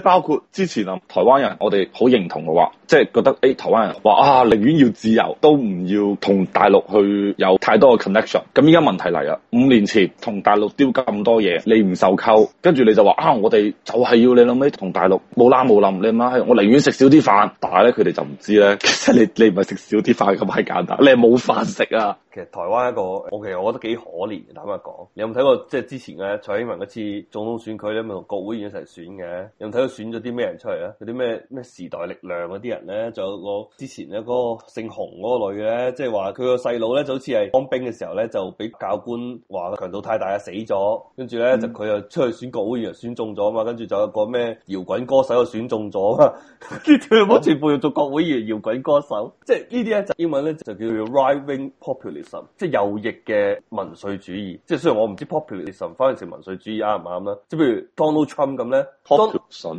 包括之前啊，台灣人我哋好認同嘅話，即係覺得誒、欸、台灣人話啊，寧願要自由，都唔要同大陸去有太多嘅 connection。咁依家問題嚟啦，五年前同大陸丟咁多嘢，你唔受溝，跟住你就話啊，我哋就係要你諗起同大陸冇拉冇撚，你媽！我寧願食少啲飯，但係咧佢哋就唔知咧。其實你你唔係食少啲飯咁閪簡單，你係冇飯食啊。其實台灣一個，我其實我覺得幾可憐，坦白講。你有冇睇過即係之前嘅蔡英文嗰次總統選舉咧，咪同國會議員一齊選嘅？有睇？選咗啲咩人出嚟啊？啲咩咩時代力量嗰啲人咧，就有個之前咧嗰個姓洪嗰個女咧，即係話佢個細佬咧就好似係當兵嘅時候咧就俾教官話強度太大啊死咗，跟住咧就佢又出去選國會議員選中咗啊嘛，跟住就有個咩搖滾歌手又選中咗啊嘛， 全部全部用做國會議員搖滾歌手，即係呢啲咧就英文咧就叫做 right-wing populism，即係右翼嘅民粹主義，即係雖然我唔知 populism 翻譯成民粹主義啱唔啱啦，即係譬如 Donald Trump 咁咧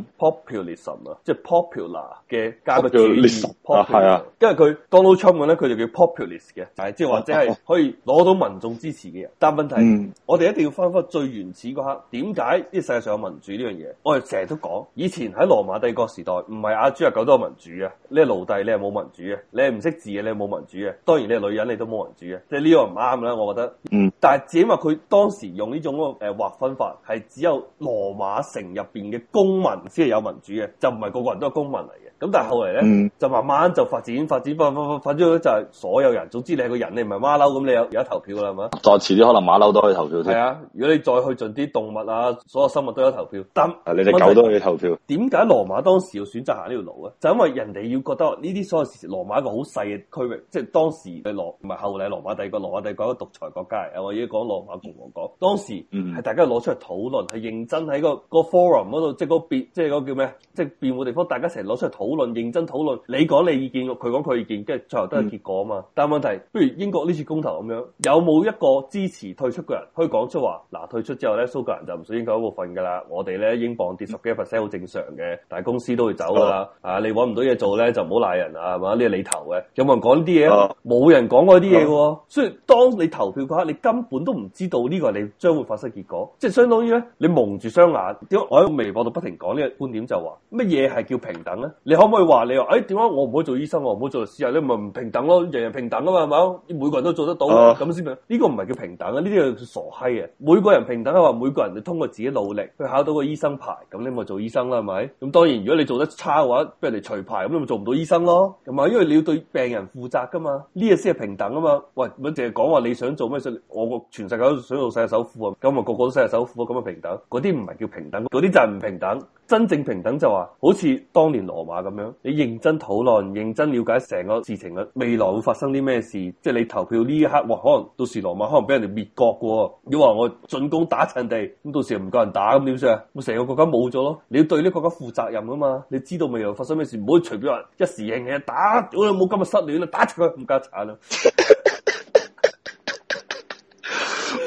populism 啊，pop ism，即係 popular 嘅加個主義係 popular 啊，啊因為佢 Donald Trump 咧，佢就叫 populist 嘅，係即係或者係可以攞到民眾支持嘅人。但係問題，嗯、我哋一定要翻返最原始嗰刻，點解呢世界上有民主呢樣嘢？我哋成日都講，以前喺羅馬帝國時代，唔係阿豬阿狗都有民主嘅。你係奴隸，你係冇民主嘅。你係唔識字嘅，你係冇民主嘅。當然你係女人，你都冇民主嘅，即係呢個唔啱啦，我覺得。嗯，但係只因為佢當時用呢種個誒劃分法，係只有羅馬城入邊嘅公民。先係有民主嘅，就唔係個個人都係公民嚟嘅。咁但係後嚟咧，嗯、就慢慢就發展發展翻，翻翻翻咗就係所有人。總之你係個人，你唔係馬騮，咁你有有投票啦，係咪？再遲啲可能馬騮都可以投票添。係啊，如果你再去盡啲動物啊，所有生物都有投票，但你哋們狗題都可以投票。點解羅馬當時要選擇行呢條路咧？就因為人哋要覺得呢啲所有事，羅馬一個好細嘅區域，即、就、係、是、當時嘅羅，唔係後嚟羅馬帝國羅馬帝國，個獨裁國家。我已經講羅馬共和國，當時係大家攞出嚟討論，係、嗯嗯、認真喺個個 forum 嗰度，即係嗰辯，即係嗰叫咩？即係辯護地方，大家成日攞出嚟討論。討論認真討論，你講你意見，佢講佢意見，跟住最後都係結果啊嘛。但係問題，不如英國呢次公投咁樣，有冇一個支持退出嘅人可以講出話？嗱，退出之後咧，蘇格蘭就唔屬於英國一部分噶啦。我哋咧，英鎊跌十幾 percent 好正常嘅，但係公司都會走噶啦。哦、啊，你搵唔到嘢做咧，就唔好賴人，有有人啊，係嘛、啊？呢係你投嘅，有冇人講呢啲嘢？冇人講嗰啲嘢嘅，所以當你投票嗰刻，你根本都唔知道呢個你將會發生結果，即係相當於咧，你蒙住雙眼。點解我喺微博度不停講呢個觀點就，就話乜嘢係叫平等咧？可唔可以話你話？誒、哎，點解我唔可以做醫生？我唔好做律師，你咪唔平等咯？人人平等啊嘛，係咪？每個人都做得到，咁先、啊。呢、呢個唔係叫平等啊！呢啲係傻閪啊！每個人平等係話每個人你通過自己努力去考到個醫生牌，咁你咪做醫生啦，係咪？咁當然，如果你做得差嘅話，俾人哋除牌，咁你咪做唔到醫生咯，同埋因為你要對病人負責噶嘛。呢嘢先係平等啊嘛。喂，咪淨係講話你想做咩？想我全世界都想做世界首富啊？咁啊，個個都世界首富，啊，咁啊平等？嗰啲唔係叫平等，嗰啲就唔平等。真正平等就話，好似當年羅馬咁樣，你認真討論、認真了解成個事情嘅未來會發生啲咩事，即係你投票呢一刻，話，可能到時羅馬可能俾人哋滅國嘅。你話我進攻打人哋，咁到時又唔夠人打，咁點算啊？咁成個國家冇咗咯，你要對呢個國家負責任啊嘛。你知道未來會發生咩事，唔好隨便話一時興起打，屌你冇今日失戀啦，打出佢咁家慘啦。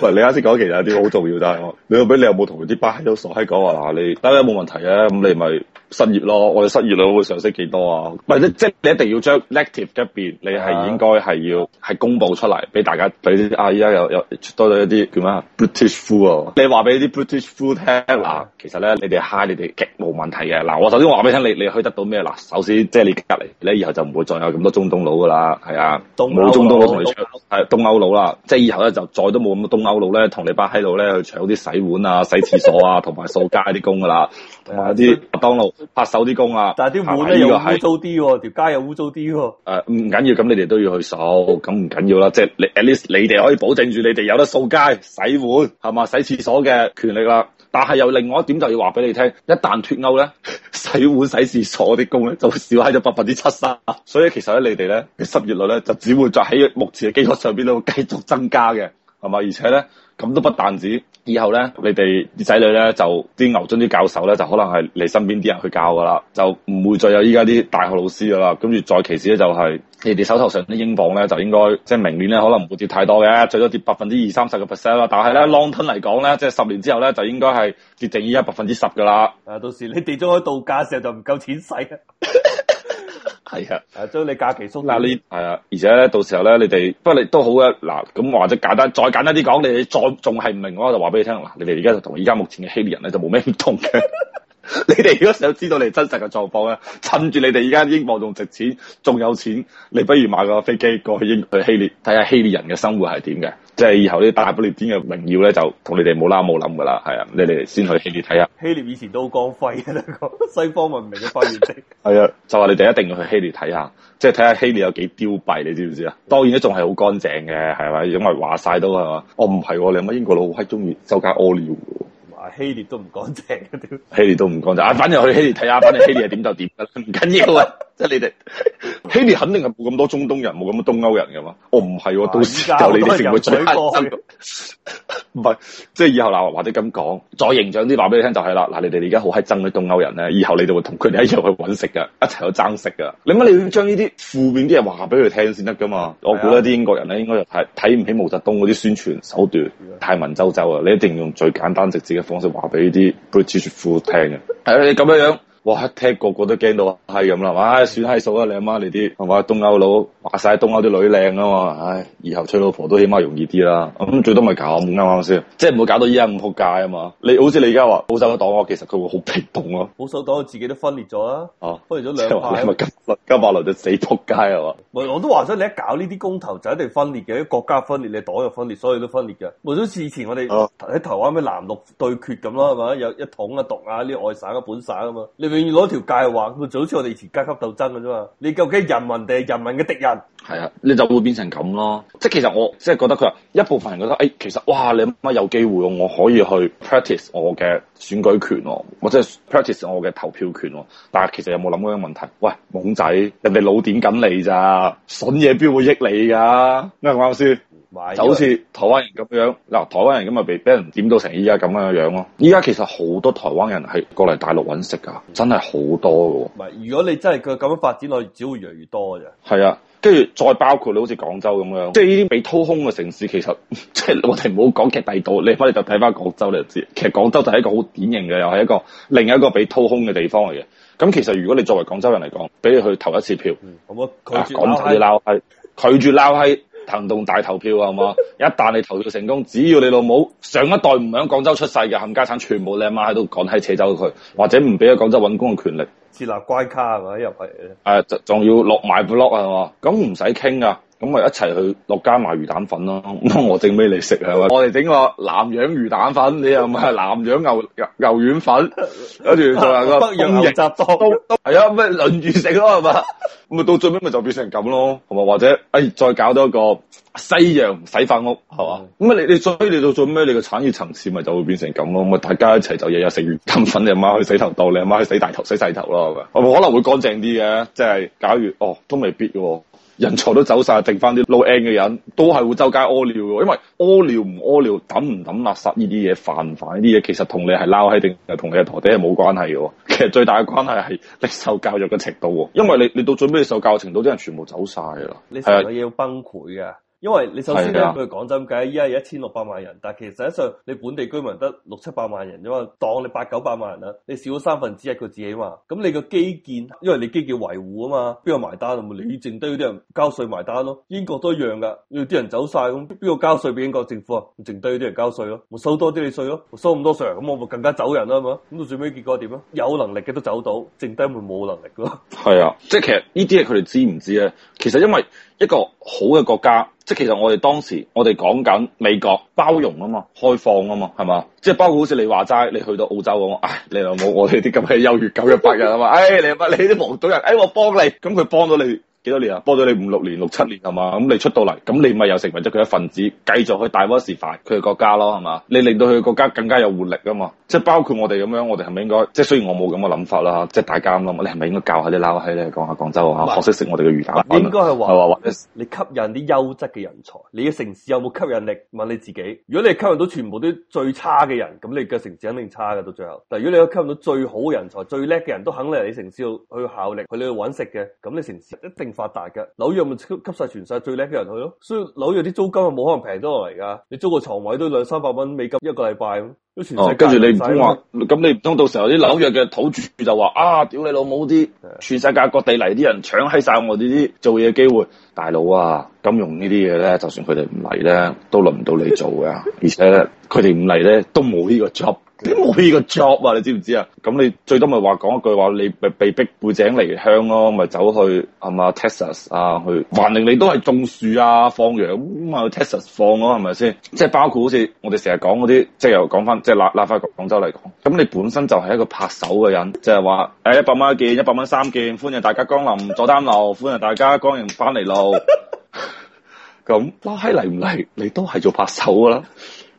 唔，你啱先講其實有啲好重要，但係我你話俾你有冇同啲巴西佬講話，嗱，你嗱你冇問題啊，咁你咪失業咯，我哋失業佬會上升幾多啊？唔即係你一定要將 negative 一邊，你係應該係要係公佈出嚟俾大家，俾啲阿姨家有有多咗一啲叫咩啊 British food 啊，你話俾啲 British food 聽，嗱，其實咧你哋嗨你哋極冇問題嘅，嗱，我首先我話俾你聽，你你可以得到咩嗱？首先即係你隔離你以後就唔會再有咁多中東佬噶啦，係啊，冇中東佬同你搶，係東歐佬啦，即係以後咧就再都冇咁多東歐。路咧，同你擺喺度咧，去搶啲洗碗洗洗 啊、洗廁所啊，同埋掃街啲工噶啦，同埋啲麥當勞拍手啲工啊。但係啲碗咧又污糟啲，條街又污糟啲。誒，唔緊要，咁你哋都要去掃，咁唔緊要啦。即係是你 at least，你哋可以保證住你哋有得掃街、洗碗，係嘛洗廁所嘅權利啦。但係又另外一點就要話俾你聽，一旦脫歐咧，洗碗、洗廁所啲工咧就會少喺咗百分之七十。所以其實咧，你哋咧嘅失業率咧就只會再喺目前嘅基礎上邊度繼續增加嘅。係嘛？而且咧，咁都不但止，以後咧，你哋啲仔女咧，就啲牛津啲教授咧，就可能係你身邊啲人去教噶啦，就唔會再有依家啲大學老師噶啦。跟住再其次咧、就是，就係你哋手頭上啲英鎊咧，就應該即係明年咧，可能唔會跌太多嘅，最多跌百分之二三十嘅 percent 啦。但係咧，long term 嚟講咧，即係十年之後咧，就應該係跌剩依家百分之十噶啦。啊，到時你哋咗去度假時候就唔夠錢使啊！ 係啊，都你假期足啦呢？係啊，而且咧，到時候咧，你哋不過你都好啊。嗱，咁或者簡單再簡單啲講，你哋再仲係唔明嘅話，就話俾 你聽嗱，你哋而家就同而家目前嘅希列人咧就冇咩唔同嘅。你哋如果想知道你真實嘅狀況咧，趁住你哋而家英鎊仲值錢，仲有錢，你不如買個飛機過去英去希列，睇下希列人嘅生活係點嘅。即係以後啲大不列顛嘅榮耀咧，就同你哋冇拉冇諗噶啦，係啊！你哋先去希臘睇下。希臘以前都好光輝嘅，西方文明嘅發現地。係啊，就話你哋一定要去希臘睇下，即係睇下希臘有幾凋敝，你知唔知啊？當然都仲係好乾淨嘅，係咪？因為話晒都係嘛。我唔係，你乜英國佬好中意周街屙尿嘅。話希臘都唔乾淨，希臘都唔乾淨。啊，反正去希臘睇下，反正希臘點就點噶唔緊要啊。即係你哋，希尼 肯定係冇咁多中東人，冇咁多東歐人嘅嘛？我唔係，啊、到時就你哋會去爭。唔係，即係以後嗱，或者咁講，再形象啲話俾你聽就係啦。嗱，你哋而家好閪憎啲東歐人咧，以後你哋會同佢哋一齊去揾食噶，一齊去爭食噶。你乜你要將呢啲負面啲嘢話俾佢聽先得噶嘛？我估咧啲英國人咧應該就睇唔起毛澤東嗰啲宣傳手段太文縐縐啊！你一定要用最簡單直接嘅方式話俾啲 British food 聽嘅。係你咁樣樣。哇！一聽個個都驚到啊，閪咁啦，哇！算閪數啊，你阿媽，媽你啲係嘛？東歐佬話晒東歐啲女靚啊嘛，唉！以後娶老婆都起碼容易啲啦。咁、嗯、最多咪咁啱唔啱先？即係唔會搞到依家咁撲街啊嘛！你好似你而家話保守黨，其實佢會好激動啊。保守黨，啊、保守黨自己都分裂咗啦，啊！啊分裂咗兩派，咪金金馬倫就死撲街啊嘛？我我都話咗，你一搞呢啲公投就一定分裂嘅，國家分裂，你黨又分裂，所以都分裂嘅。冇咗事前我哋喺、嗯、台灣咩藍綠對決咁咯，係咪？有一統啊獨啊，呢、這個、外省嘅、啊、本省啊，嘛。亂攞條界話，就好似我哋以前階級鬥爭嘅啫嘛。你究竟人民定係人民嘅敵人？係啊，你就會變成咁咯。即係其實我即係覺得佢話一部分人覺得，誒、哎，其實哇，你乜有機會，我可以去 practice 我嘅選舉權咯、哦，或者 practice 我嘅 pract 投票權咯、哦。但係其實有冇諗過一個問題？喂，懵仔，人哋老點緊你咋？蠢嘢邊會益你噶？咩話先？就好似台灣人咁樣嗱，台灣人咁咪被俾人點到成依家咁嘅樣咯樣。依家其實好多台灣人係過嚟大陸揾食噶，嗯、真係好多噶。唔係，如果你真係佢咁樣發展落去，只會越嚟越多啫。係啊，跟住再包括你好似廣州咁樣，即係呢啲被掏空嘅城市其 其，其實即係我哋唔好講第度，你翻嚟就睇翻廣州你就知，其實廣州就係一個好典型嘅，又係一個另一個被掏空嘅地方嚟嘅。咁其實如果你作為廣州人嚟講，俾佢投一次票，咁、嗯、啊，趕走啲撈，係拒絕撈氣。行動大投票啊，係嘛？ 一旦你投票成功，只要你老母上一代唔響廣州出世嘅，冚家產全部你阿媽喺度趕起扯走佢，或者唔俾喺廣州揾工嘅權力，設立關卡係嘛？又係誒，仲要落埋 block 係嘛？咁唔使傾啊。咁咪一齊去落街買魚蛋粉咯， 我整俾你食係嘛？我哋整個南洋魚蛋粉，你又唔係南洋牛牛丸粉，跟住仲有北洋型雜貨都都係啊，咩輪住食咯係嘛？咁咪 是嗎 到最尾咪就變成咁咯，係嘛？或者誒、哎、再搞多個西洋洗髮屋係嘛？咁啊是你你所你到最尾，你個產業層次咪就會變成咁咯，咪大家一齊就日日食魚蛋粉，你阿媽，媽去洗頭到你阿媽，媽去洗大頭洗細頭啦，係咪？嗎可能會乾淨啲嘅，即、就、係、是、假如哦都未必喎。人才都走晒，剩翻啲 low end 嘅人都係會周街屙尿，因為屙尿唔屙尿，抌唔抌垃圾呢啲嘢，串串犯唔犯呢啲嘢，其實同你係撈閪定，同你係陀地係冇關係嘅。其實最大嘅關係係你受教育嘅程度喎，因為你你到最尾受教育程度啲人全部走晒曬啦，係啊，要崩潰啊！因為你首先咧，佢講真，計，依家有一千六百萬人，但係其實上你本地居民得六七百萬人啫嘛，當你八九百萬人啦，你少咗三分之一個自己嘛。咁你個基建，因為你基建維護啊嘛，邊個埋單啊？咪你剩低嗰啲人交稅埋單咯。英國都一樣噶，要啲人走晒，咁，邊個交稅俾英國政府啊？剩低嗰啲人交稅咯，我收多啲你稅咯，收咁多稅，咁我咪更加走人咯，係咪？咁到最尾結果點啊？有能力嘅都走到，剩低咪冇能力咯。係啊，即係其實呢啲嘢佢哋知唔知咧？其實因為。一個好嘅國家，即係其實我哋當時我哋講緊美國包容啊嘛，開放啊嘛，係嘛，即係包括好似你話齋，你去到澳洲咁，唉，你又冇我哋啲咁嘅優越九日八日啊嘛，哎，你咪、哎、你啲黃種人，哎我幫你，咁佢幫到你幾多年啊？幫到你五六年、六七年係嘛，咁你出到嚟，咁你咪又成為咗佢一份子，繼續去大鍋示範佢嘅國家咯，係嘛，你令到佢嘅國家更加有活力啊嘛。即係包括我哋咁樣，我哋係咪應該？即係雖然我冇咁嘅諗法啦，即係大家咁諗，你係咪應該教下啲撈閪咧講下廣州啊？學識食我哋嘅魚蛋。應該係話話話，說你吸引啲優質嘅人才，你嘅城市有冇吸引力？問你自己。如果你吸引到全部啲最差嘅人，咁你嘅城市肯定差㗎，到最後。但係如果你係吸引到最好嘅人才、最叻嘅人都肯嚟你城市去效力、去你去揾食嘅，咁你城市一定發達㗎。紐約咪吸吸晒全世界最叻嘅人去咯，所以紐約啲租金係冇可能平得落嚟㗎。你租個床位都要兩三百蚊美金一個禮拜。哦，跟住你唔通話，咁 你唔通到時候啲紐約嘅土著就話 啊，屌你老母啲， 全世界各地嚟啲人搶喺晒我哋啲做嘢機會，大佬啊，金融呢啲嘢咧，就算佢哋唔嚟咧，都輪唔到你做㗎， 而且咧，佢哋唔嚟咧，都冇呢個 job。你冇呢個 job 啊！你知唔知啊？咁你最多咪話講一句話，你咪被逼背井離鄉咯，咪走去係嘛 Texas 啊，去反正你都係種樹啊，放羊咁啊，去 Texas 放咯、啊，係咪先？即係包括好似我哋成日講嗰啲，即係又講翻，即係拉拉翻廣州嚟講，咁你本身就係一個拍手嘅人，即係話誒一百蚊一件，一百蚊三件，歡迎大家光臨佐丹奴，歡迎大家光臨翻嚟路，咁 拉閪嚟唔嚟，你都係做拍手噶啦。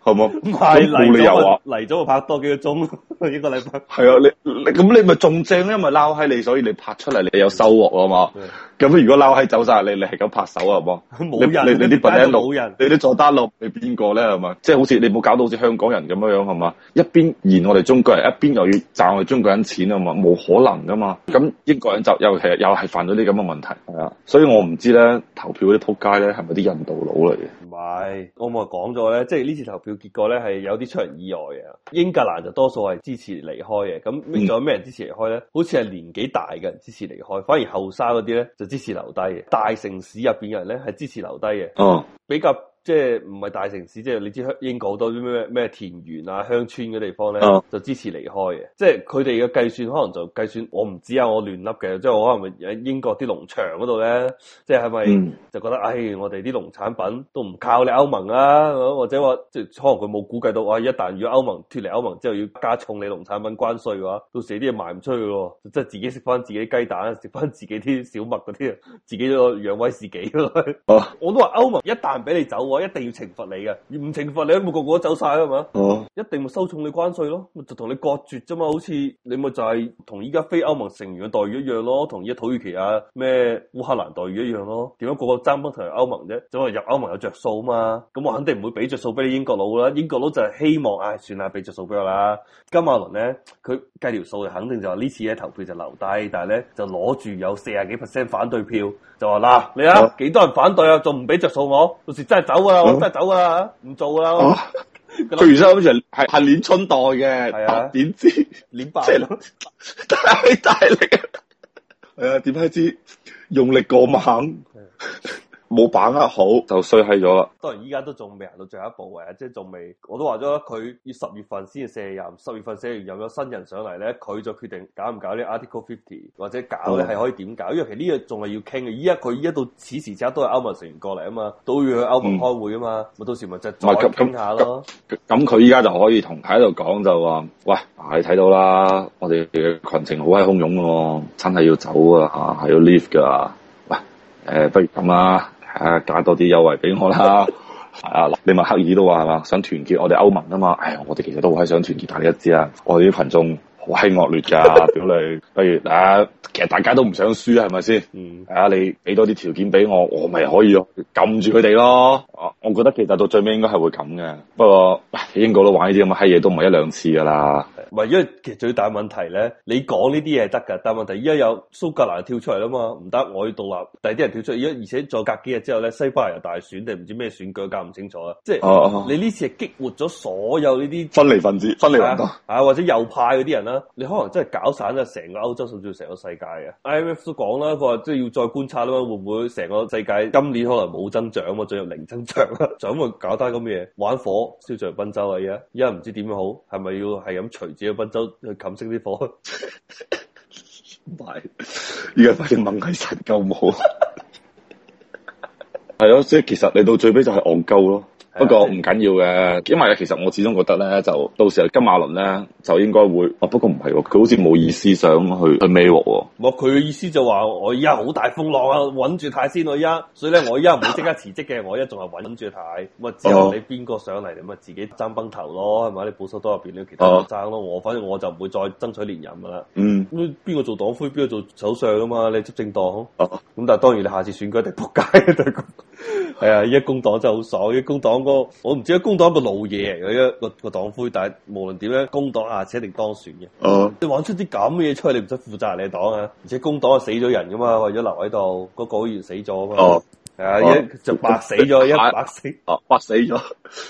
係冇理由，嚟咗就拍多幾個鐘。 呢個禮拜係 啊，你你咁你咪仲正，因為撈閪你，所以你拍出嚟你有收穫啊嘛。咁的如果撈閪走晒你，你係咁拍手啊？冇 人，你你 ando, 人你啲、就是、不你啲坐單路你邊個咧？係嘛，即係好似你冇搞到好似香港人咁樣樣係嘛？一邊嫌我哋中國人，一邊又要賺我哋中國人錢啊嘛？冇可能噶嘛。咁英國人就又其實又係犯咗啲咁嘅問題，係啊。所以我唔知咧投票嗰啲扑街咧係咪啲印度佬嚟？嘅？唔係，我咪講咗咧，即係呢次投票結果咧係有啲出人意外嘅。英格蘭就多數係支持離開嘅，咁仲有咩人支持離開咧？好似係年紀大嘅人支持離開，反而後生嗰啲咧就支持留低嘅。大城市入邊嘅人咧係支持留低嘅，嗯，比較。即係唔係大城市，即係你知英國好多啲咩咩田園啊鄉村嘅地方咧，就支持離開嘅。即係佢哋嘅計算可能就計算，我唔知啊，我亂笠嘅。即係我可能喺英國啲農場嗰度咧，即係係咪就覺得唉、嗯哎，我哋啲農產品都唔靠你歐盟啊，或者話即係可能佢冇估計到哇、哎，一旦如果歐盟脫離歐盟之後要加重你農產品關稅嘅話，到時啲嘢賣唔出去喎，即係自己食翻自己雞蛋，食翻自己啲小麥嗰啲啊，自己都養威自己咯。嗯、 我都話歐盟一旦俾你走。我一定要懲罰你嘅，而唔懲罰你，都冇個個都走晒啊嘛！嗯、一定咪收重你關稅咯，咪就同你割絕啫嘛，好似你咪就係同依家非歐盟成員嘅待遇一樣咯，同依家土耳其啊、咩烏克蘭待遇一樣咯，點解個個爭崩同歐盟啫？就話入歐盟有着數嘛，咁我肯定唔會俾着數俾你英國佬噶啦，英國佬就係希望唉、哎，算啦，俾着數俾我啦。金馬倫咧，佢計條數就肯定就呢次嘅投票就留低，但係咧就攞住有四十幾 percent 反對票，就話嗱、啊、你啊，幾多人反對啊，仲唔俾着數我？到時真係走。啊，我得走啊，唔做噶啦。佢原先好似係係捻春袋嘅，係啊，點知捻白，真係 大力大力啊！係 啊、哎，點解知用力過猛？ 冇把握好就衰喺咗啦。當然依家都仲未行到最後一步位，即係仲未，我都話咗佢要十月份先至卸任，十月份卸完任有新人上嚟咧，佢就決定搞唔搞啲 article fifty 或者搞咧係可以點搞，因為其實呢個仲係要傾嘅。依家佢依家到，此時此刻都係歐盟成員過嚟啊嘛，都要去歐盟開會啊嘛，咪、嗯、到時咪即係急傾下咯。咁佢依家就可以同喺度講就話，喂，你睇到啦，我哋嘅群情好閪洶湧嘅喎，真係要走要啊嚇，係要 leave 㗎。喂，誒，不如咁啦。」啊，加多啲優惠俾我啦！ 啊，你咪刻意都話係嘛，想團結我哋歐盟啊嘛，唉、哎，我哋其實都好係想團結大家一枝啊，我哋啲群眾。好係 惡劣㗎，表女，不如大家其實大家都唔想輸，係咪先？Mm. 啊，你俾多啲條件俾我，我咪可以撳住佢哋咯。Uh, 我覺得其實到最尾應該係會咁嘅。不過喺、啊、英國都玩呢啲咁嘅閪嘢都唔係一兩次㗎啦。唔係，因為其實最大問題咧，你講呢啲嘢得㗎，但問題而家有蘇格蘭跳出嚟啦嘛，唔得，我要獨立。第二啲人跳出嚟，而且再隔幾日之後咧，西班牙又大選定唔知咩選舉，搞唔清楚啊！即、就、係、是 uh, uh, uh. 你呢次係激活咗所有呢啲分離分子、分離運動啊，uh, uh, 或者右派嗰啲人啦。Uh, 嗯你可能真係搞散咗成個歐洲，甚至成個世界嘅。IMF 都講啦，佢話即係要再觀察啦，會唔會成個世界今年可能冇增長，最緊要零增長。就咁啊，搞低咁嘅嘢？玩火燒着濱州啊！而家而家唔知點樣好，係咪要係咁隨住去濱州去冚熄啲火、啊？唔係， 而家反正猛係神救冇，係 咯。 即對係其實你到最尾就係戇鳩咯。不過唔緊要嘅，因為咧其實我始終覺得咧就到時金馬倫咧就應該會，不過唔係喎，佢好似冇意思想去去孭鑊喎。佢嘅意思就話我而家好大風浪啊，穩住太，太先我而家，所以咧我而家唔會即刻辭職嘅。 我而家仲係穩住太，太，咁啊，之後你邊個上嚟，你咪自己爭崩頭咯，係咪？你保守黨入邊你其他都爭咯，啊、我反正我就唔會再爭取連任噶啦。嗯，咁邊個做黨魁，邊個做首相啊嘛？你執政黨，咁、啊、但係當然你下次選舉一定仆街係啊、 哎，一工黨真係好爽。一工黨個我唔知，一工黨個老嘢，有一個個黨魁，但係無論點樣，工黨啊，且定當選嘅，哦、啊，你玩出啲咁嘅嘢出嚟，你唔使負責你黨啊，而且工黨係死咗人噶嘛，為咗留喺度，嗰、那個議員死咗嘛。啊係啊，一就白死咗， 一白死哦，白死咗，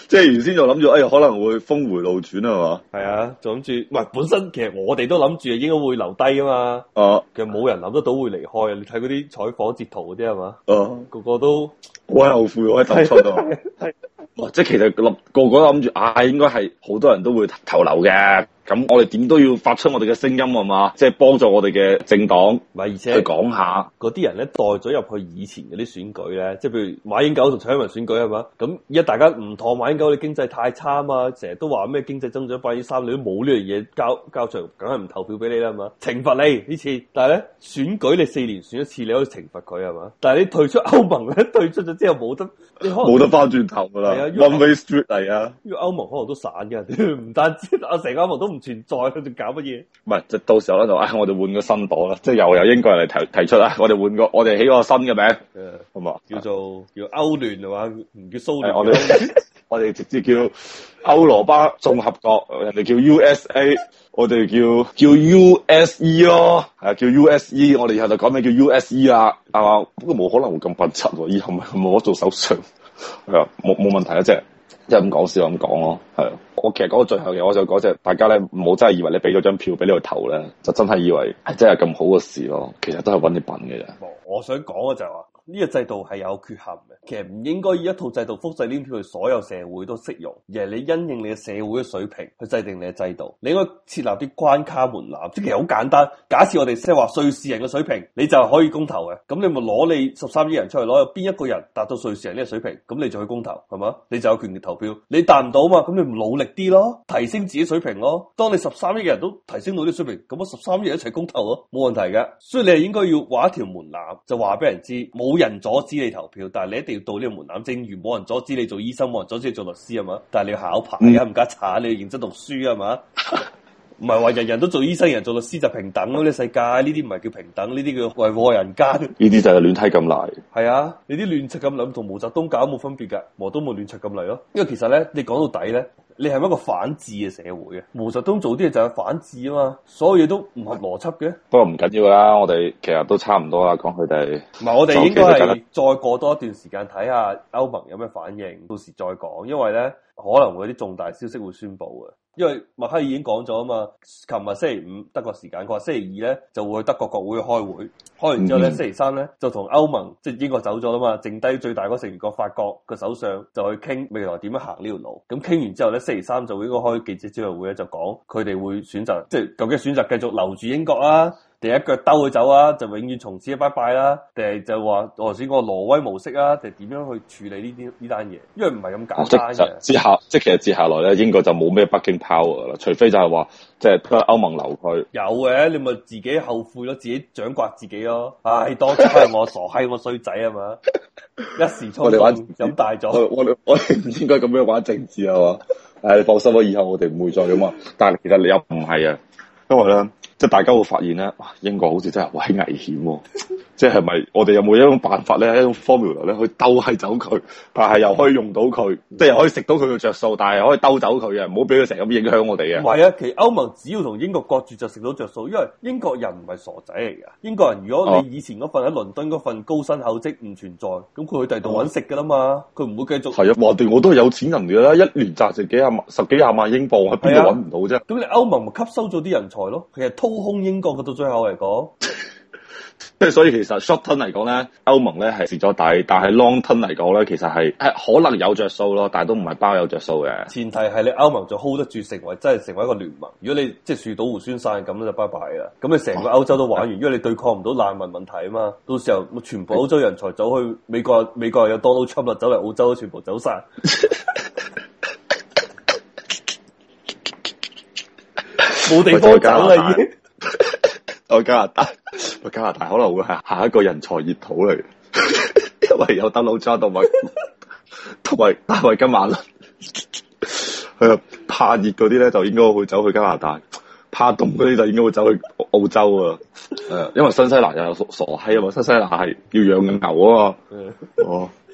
即係原先就諗住，哎呀，可能會峰回路轉啊，係嘛？係啊，就諗住，唔本身其實我哋都諗住應該會留低啊嘛。哦、啊，其實冇人諗得到會離開啊！你睇嗰啲採訪截圖嗰啲係嘛？哦，個個都，好係後悔我喺投錯咗，即係、啊、 其實諗個個諗住，哎、啊，應該係好多人都會投留嘅。咁我哋點都要發出我哋嘅聲音啊嘛，即係、就是、幫助我哋嘅政黨，唔係而且去講下嗰啲人咧代咗入去以前嗰啲選舉咧，即係譬如馬英九同蔡英文選舉係嘛，咁而家大家唔妥馬英九，你經濟太差啊嘛，成日都話咩經濟增長百分之三，你都冇呢樣嘢交交場，梗係唔投票俾你啦係嘛，懲罰你呢次，但係咧選舉你四年選一次，你可以懲罰佢係嘛，但係你退出歐盟咧，退出咗之後冇得冇得翻轉頭㗎啦，one way street 嚟啊，因為歐、啊、歐歐盟可能都散嘅，唔單止啊，成歐盟都。存在佢哋搞乜嘢？唔係，即到時候咧就唉，我哋換個新黨啦，即係又有英國人嚟提提出啊！我哋換個，我哋起個新嘅名，好嘛、嗯？叫做叫歐聯嘅話，唔叫蘇聯，我哋 我哋直接叫歐羅巴綜合國，人哋叫 USA，我哋叫叫 USE 咯，係叫 USE，我哋以後就講咩叫 USE 啊，係嘛？不過冇可能會咁笨柒、啊，以後咪冇得做首相係啊，冇冇問題啊，即係。即係咁講先咁講咯，係，我其實講到最後嘅嘢，我就講即係大家咧，唔好真係以為你畀咗張票俾你去投咧，就真係以為係真係咁好嘅事咯，其實都係揾你笨嘅啫。冇，我想講嘅就係話、是。呢個制度係有缺陷嘅，其實唔應該以一套制度複製黏貼，去所有社會都適用。而係你因應你嘅社會嘅水平去制定，你嘅制度，你應該設立啲關卡門檻。即係好簡單，假設我哋即係話瑞士人嘅水平，你就可以公投嘅。咁你咪攞你十三億人出去，攞有邊一個人達到瑞士人呢個水平，咁你就去公投，係嘛？你就有權力投票。你達唔到嘛？咁你唔努力啲咯，提升自己水平咯。當你十三億人都提升到啲水平，咁我十三億人一齊公投咯，啊，冇問題嘅。所以你係應該要畫一條門檻，就話俾人知冇。冇人阻止你投票，但係你一定要到呢個門檻。正如冇人阻止你做醫生，冇人阻止你做律師啊嘛。但係你要考牌啊，唔加查，你要認真讀書啊嘛。唔係話人人都做醫生，人人做律師就平等咯。呢世界呢啲唔係叫平等，呢啲叫為禍人間。呢啲就係亂踢咁嚟。係啊，你啲亂七咁諗，同毛澤東搞冇分別噶。毛都冇亂七咁嚟咯。因為其實咧，你講到底咧。你係一個反智嘅社會嘅，毛澤東做啲嘢就係反智啊嘛，所有嘢都唔合邏輯嘅。不過唔緊要啦，我哋其實都差唔多啦，講佢哋。唔係，我哋應該係再過多一段時間睇下歐盟有咩反應，到時再講，因為咧可能會有啲重大消息會宣布嘅。因為默克爾已經講咗啊嘛，琴日星期五德國時間佢話星期二咧就會去德國國會開會，開完之後咧、嗯、哼星期三咧就同歐盟即係、就是、英國走咗啦嘛，剩低最大嗰成個法國嘅首相就去傾未來點樣行呢條路，咁傾完之後咧星期三就會應該開記者招待會咧就講佢哋會選擇即係、就是，究竟選擇繼續留住英國啊。第一腳兜佢走啊，就永遠從此一拜拜啦。定係就話頭先個挪威模式啊，定係點樣去處理呢啲呢單嘢？因為唔係咁簡單嘅。下即係其實接下來咧，英國就冇咩北京 power 啦，除非就係話即係歐盟流佢。有嘅，你咪自己後悔咯，自己掌摑自己咯。唉、哎，當初係 我傻閪，我衰仔啊嘛？ 一時衝動飲大咗，我我哋唔應該咁樣玩政治啊嘛？誒，你放心啦，以後我哋唔會再咁啊。但係其實你又唔係啊，因為咧。即係大家會發現咧，哇！英國好似真係好危險喎，啊。即係咪我哋有冇一種辦法咧，一種 formula 咧，去兜係走佢，但係又可以用到佢，即係可以食到佢嘅着數，但係又可以兜走佢嘅，唔好俾佢成日咁影響我哋嘅。唔係啊，其實歐盟只要同英國割住就食到着數，因為英國人唔係傻仔嚟嘅。英國人如果你以前嗰份喺倫、啊、敦嗰份高薪厚職唔存在，咁佢去第度揾食噶啦嘛，佢唔會繼續係啊。話定、啊、我都係有錢人嚟啦，一年賺成幾廿萬、十幾廿萬英鎊，喺邊度揾唔到啫？咁、啊、你歐盟咪吸收咗啲人才咯？其實掏空英國嘅到最後嚟講。 即係所以，其實 short term 嚟講咧，歐盟咧係蝕咗底，但係 long term 嚟講咧，其實係係可能有着數咯，但係都唔係包有着數嘅。前提係你歐盟就 hold 得住，成為真係成為一個聯盟。如果你即係樹倒猢猻散咁咧，就拜拜啦。咁你成個歐洲都玩完，因為你對抗唔到難民問題啊嘛。到時候全部歐洲人才走去美國，美國又有 Donald Trump 啦，走嚟澳洲都全部走晒，冇 地方走啦已經。我加拿大。 加拿大可能會係下一個人才熱土嚟， 因為有得撈揸。同埋同埋同埋金馬輪。係 怕熱嗰啲咧就應該會走去加拿大，怕凍嗰啲就應該會走去澳洲啊。誒， 因為新西蘭又有傻傻閪啊嘛，新西蘭係要養緊牛啊嘛。 哦。